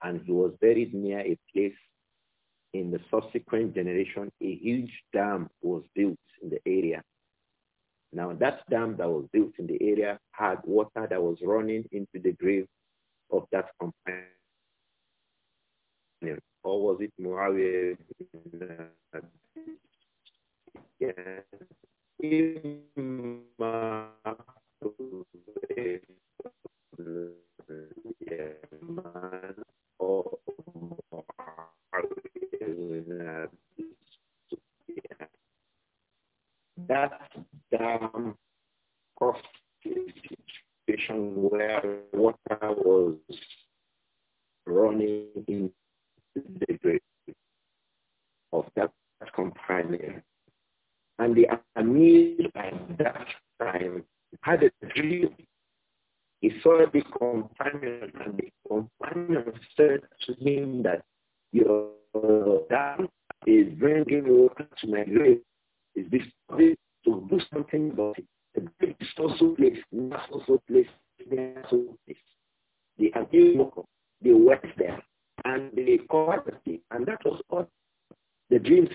And he was buried near a place in the subsequent generation, a huge dam was built in the area. Now that dam that was built in the area had water that was running into the grave of that companion. Or was it Muawiyah? That dam caused situation where water was running in the grave of that companion. And the Amir at that time had a dream he saw the companion and the companion said to him that your dam is bringing water to my grave. Is this place to do something about it? The big, is also place, not also place, not also place. They abused Moko, they wept there, and they covered the thing, and that was all. The dreams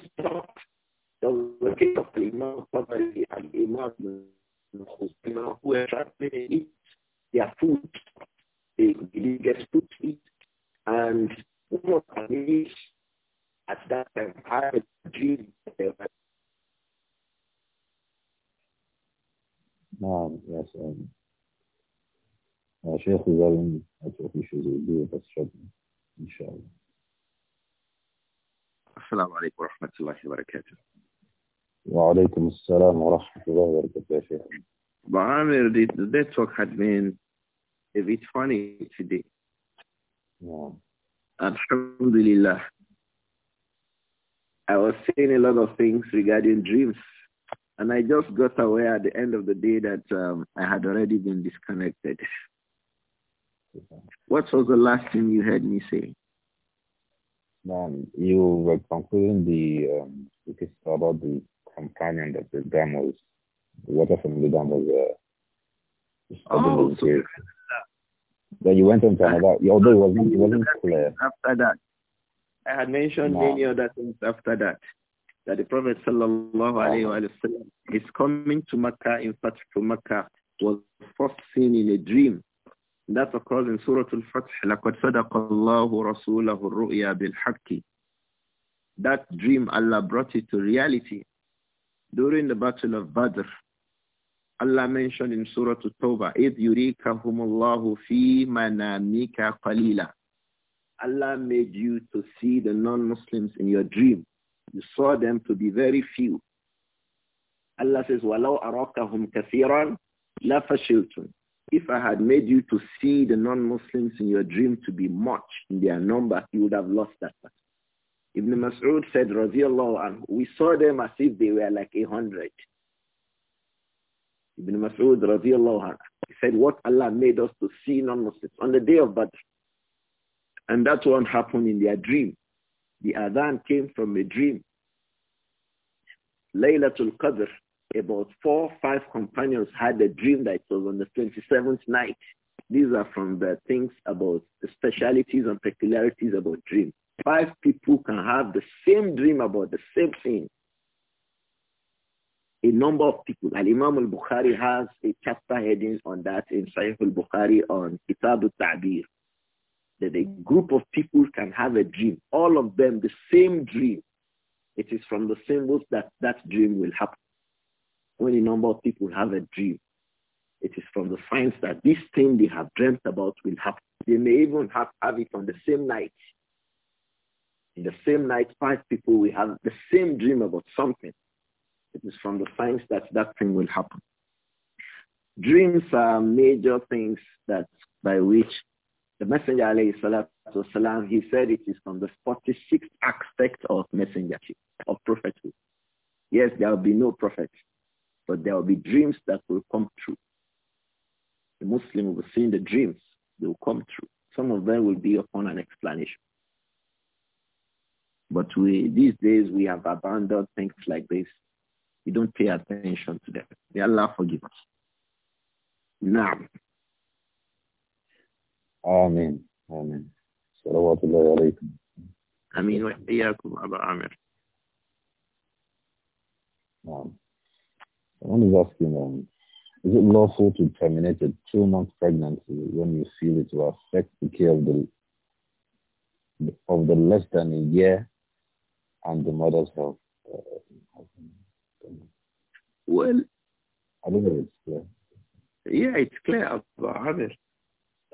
talk had been a bit funny today. Wow! Alhamdulillah. I was saying a lot of things regarding dreams. And I just got aware at the end of the day that um, I had already been disconnected. What was the last thing you heard me say? Um, you were concluding the um, about the companion that the dam was, the water from the dam was uh, the oh, Then you went into another, although it wasn't, it wasn't clear. After that, I had mentioned many other things after that. That the Prophet sallallahu alaihi wasallam is coming to Mecca. In fact, to Mecca was first seen in a dream. That occurs in Surah Al-Fath. لَقَدْ صَدَقَ اللَّهُ رَسُولَهُ الرُّؤْيَا بِالْحَقِّ That dream, Allah brought it to reality. During the Battle of Badr, Allah mentioned in Surah At-Tawbah, إِذْ يُرِيكَهُمُ اللَّهُ فِي مَنَامِكَ قَلِيلًا Allah made you to see the non-Muslims in your dream. You saw them to be very few. Allah says, وَلَوْ أَرَاكَهُمْ كَثِيرًا لَفَشِلْتُمْ If I had made you to see the non-Muslims in your dream to be much in their number, you would have lost that battle. Ibn Mas'ud said, رَضِيَ اللَّهُ عَنْهُ We saw them as if they were like a hundred. Ibn Mas'ud he said, what Allah made us to see non-Muslims on the day of Badr. And that what happened in their dream. The Adhan came from a dream. Laylatul Qadr, about four five companions had a dream that was on the 27th night. These are from the things about the specialities and peculiarities about dreams. Five people can have the same dream about the same thing a number of people. Al-Imam al-Bukhari has a chapter heading on that in Sahih al-Bukhari on Kitab al-Ta'bir. That a group of people can have a dream, all of them the same dream. It is from the symbols that that dream will happen. When a number of people have a dream, it is from the signs that this thing they have dreamt about will happen. They may even have, have it on the same night. In the same night, five people will have the same dream about something. It is from the signs that that thing will happen. Dreams are major things that by which the Messenger والسلام, he said it is from the 46th aspect of messengership, of prophethood. Yes, there will be no prophet, but there will be dreams that will come true. The Muslim will see the dreams, they will come true. Some of them will be upon an explanation. But we, these days we have abandoned things like this you don't pay attention to them. May Allah forgive us. Now, Amen. Amen. Salawatullahi alaykum. Ameen wa iyaakum, Abu Amir. is asking, um, is it lawful to terminate a two-month pregnancy when you feel it will affect the care of the of the less than a year and the mother's health? Uh, well, I don't know. It's clear. Yeah, it's clear about,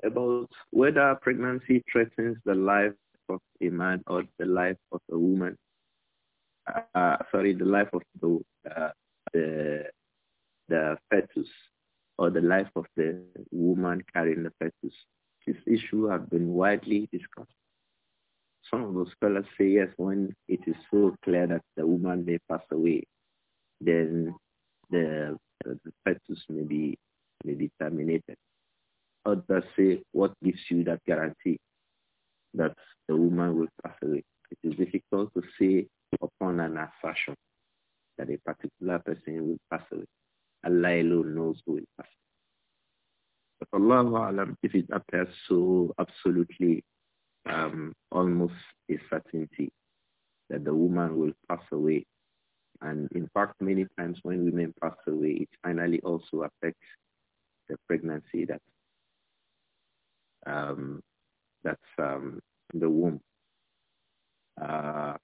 about whether pregnancy threatens the life of a man or the life of a woman. Uh, sorry, the life of the, uh, the the fetus or the life of the woman carrying the fetus. This issue has been widely discussed. Some of the scholars say yes when it is so clear that the woman may pass away then the, the fetus may be, may be terminated. Others say, what gives you that guarantee that the woman will pass away? It is difficult to say upon an assertion that a particular person will pass away. Allah alone knows who will pass away. But Allah if it appears so absolutely um, almost a certainty that the woman will pass away and in fact, many times when women pass away, it finally also affects the pregnancy that um, that's um, the womb. Uh,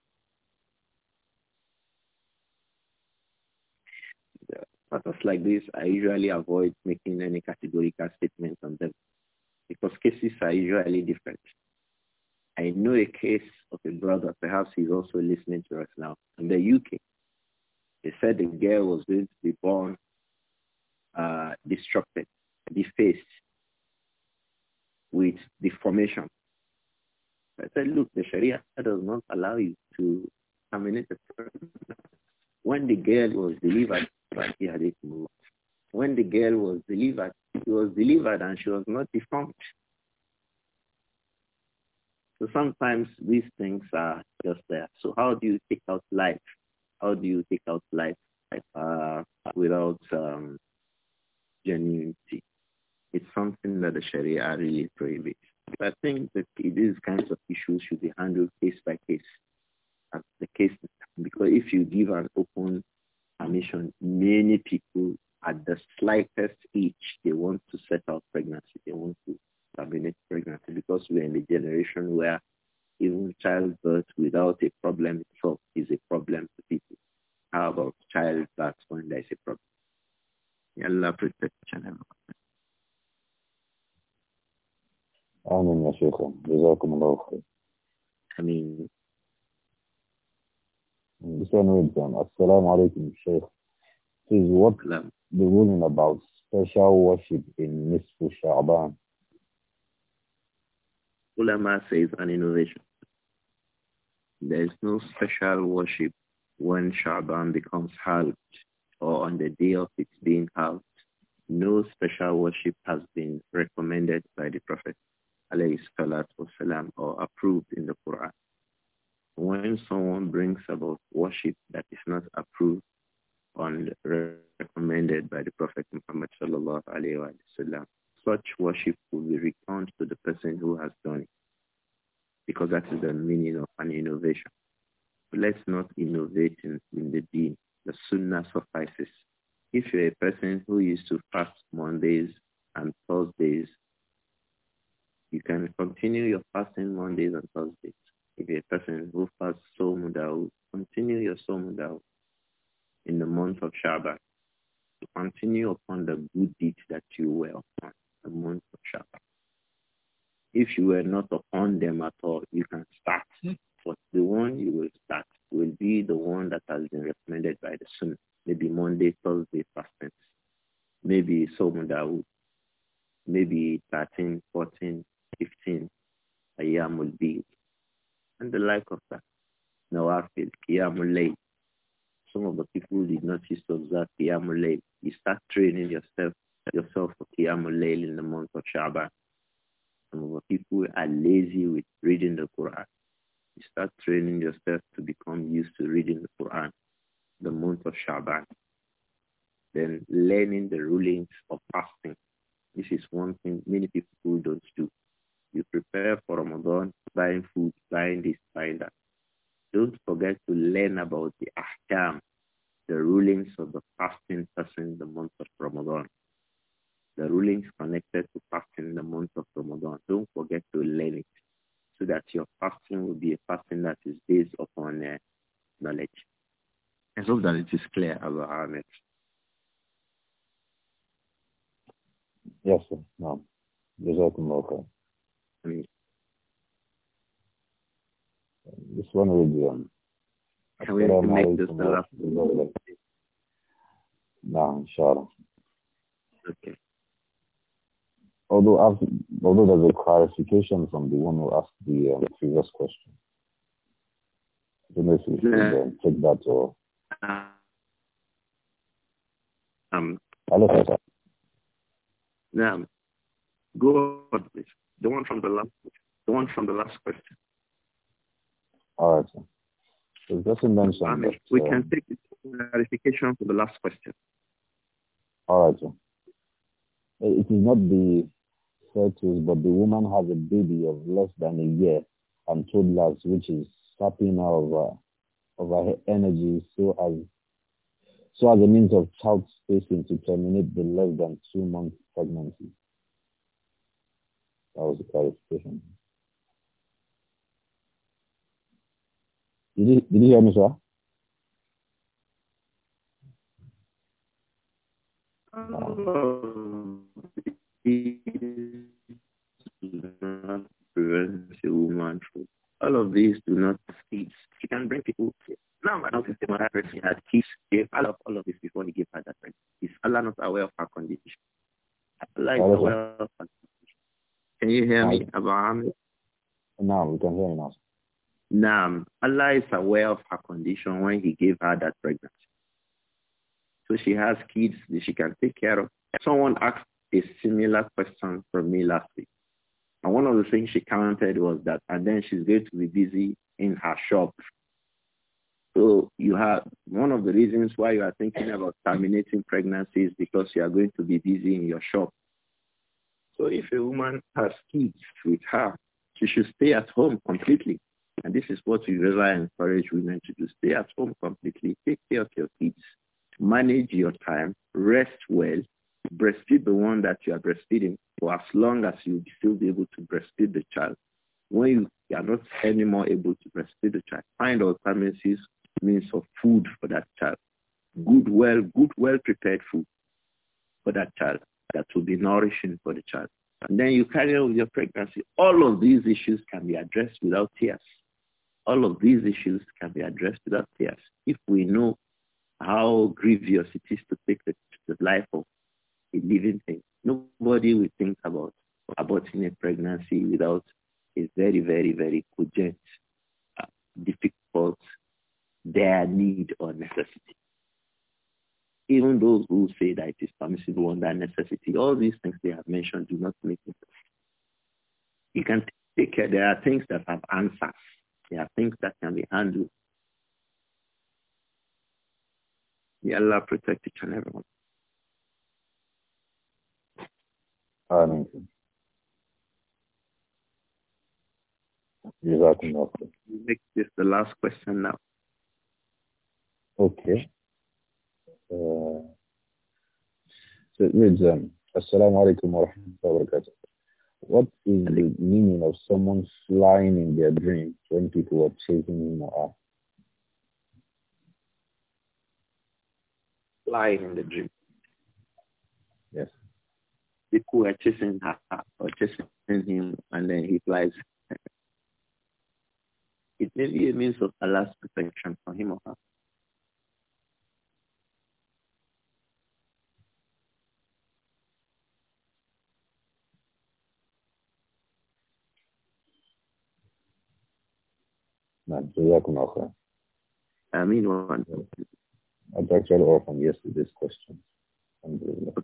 matters like this, I usually avoid making any categorical statements on them because cases are usually different. I know a case of a brother, perhaps he's also listening to us now, in the UK. They said the girl was going to be born uh, destructed, defaced with deformation. I said, look, the Sharia does not allow you to terminate the pregnancy. When the girl was delivered, when the girl was delivered, she was delivered and she was not deformed. So sometimes these things are just there. So how do you take out life? How do you take out life uh, without um, genuinity? It's something that the Sharia really prohibits. I think that these kinds of issues should be handled case by case, as the case because if you give an open permission, many people at the slightest itch they want to set out pregnancy, they want to terminate pregnancy because we're in the generation where even childbirth without a problem itself is a problem to people. How about childbirth when there is a problem? Allah protect everyone. آمين يا شيخنا جزاكم الله خير آمين Hussein Wilson, Assalamu alaikum Sheikh. Please, what the ruling about special worship in Nisfu Sha'ban? Ulama says an innovation. There is no special worship when Sha'ban becomes halved or on the day of its being halved. No special worship has been recommended by the Prophet والسلام, or approved in the Quran. When someone brings about worship that is not approved or recommended by the Prophet Muhammad sallallahu such worship will be returned to the person who has done it because that is the meaning of an innovation. let's not innovate in, in the deen. The sunnah suffices. If you're a person who used to fast Mondays and Thursdays, you can continue your fasting Mondays and Thursdays. If you're a person who fasts Somudao, continue your Somudao in the month of Shabbat. Continue upon the good deeds that you were upon. If you were not upon them at all, you can start. Hmm. But the one you will start will be the one that has been recommended by the Sun. Maybe Monday, Thursday fasting. Maybe someone that maybe 13, 14, 15, Ayam will be. And the like of that. I Nawafil, Qiyamul late. Some of the people did not used to observe Qiyamul late. You start A lazy clarification from the one who asked the um, previous question. I don't know if you can um, take that or. Um, Hello, sir. Yeah. Um, go on, please. The one from the last, the one from the last question. All right. Sir. So mention. that, we can um, take the clarification for the last question. All right. Sir. It is not the 30s, but the woman has a baby of less than a year and toddlers, which is sapping her of, uh, of her energy so as so as a means of child spacing to terminate the less than two month pregnancy. That was the clarification. Did you, did you hear me, sir? Um, do a woman from. All of these do not have She can bring people to Now, my uncle said, my person had kids. Gave of all of this before he gave her that right. Is Allah not aware of her condition? Allah is aware of her condition. Can you hear me, Abu Amir? No, we can hear you now. Naam, Allah is aware of her condition when he gave her that pregnancy. So she has kids that she can take care of. Someone asked a similar question from me last week. And one of the things she counted was that, and then she's going to be busy in her shop. So you have one of the reasons why you are thinking about terminating pregnancy is because you are going to be busy in your shop. So if a woman has kids with her, she should stay at home completely. And this is what we really encourage women to do. Stay at home completely. Take care of your kids. Manage your time. Rest well breastfeed the one that you are breastfeeding for as long as you still be able to breastfeed the child. When you are not anymore able to breastfeed the child, find alternatives means of food for that child. Good, well, good, well-prepared food for that child that will be nourishing for the child. And then you carry on with your pregnancy. All of these issues can be addressed without tears. All of these issues can be addressed without tears if we know how grievous it is to take the, the life of a living thing. Nobody will think about aborting a pregnancy without a very, very, very cogent, uh, difficult, dire need or necessity. Even those who say that it is permissible under necessity, all these things they have mentioned do not make sense. You can take care. There are things that have answers. There are things that can be handled. May Allah protect each and everyone. آمين جزاكم الله Make this the last question now. Okay. Uh, Assalamu alaikum wa rahmatullahi What is the meaning of someone flying in their dreams when people are chasing him or Flying in the dream. Yes. People are chasing her or chasing him, and then he flies. it may be a means of Allah's protection for him or her. نعم جزاكم الله خير آمين وأنتم I'd like to follow up on yesterday's question. Alhamdulillah.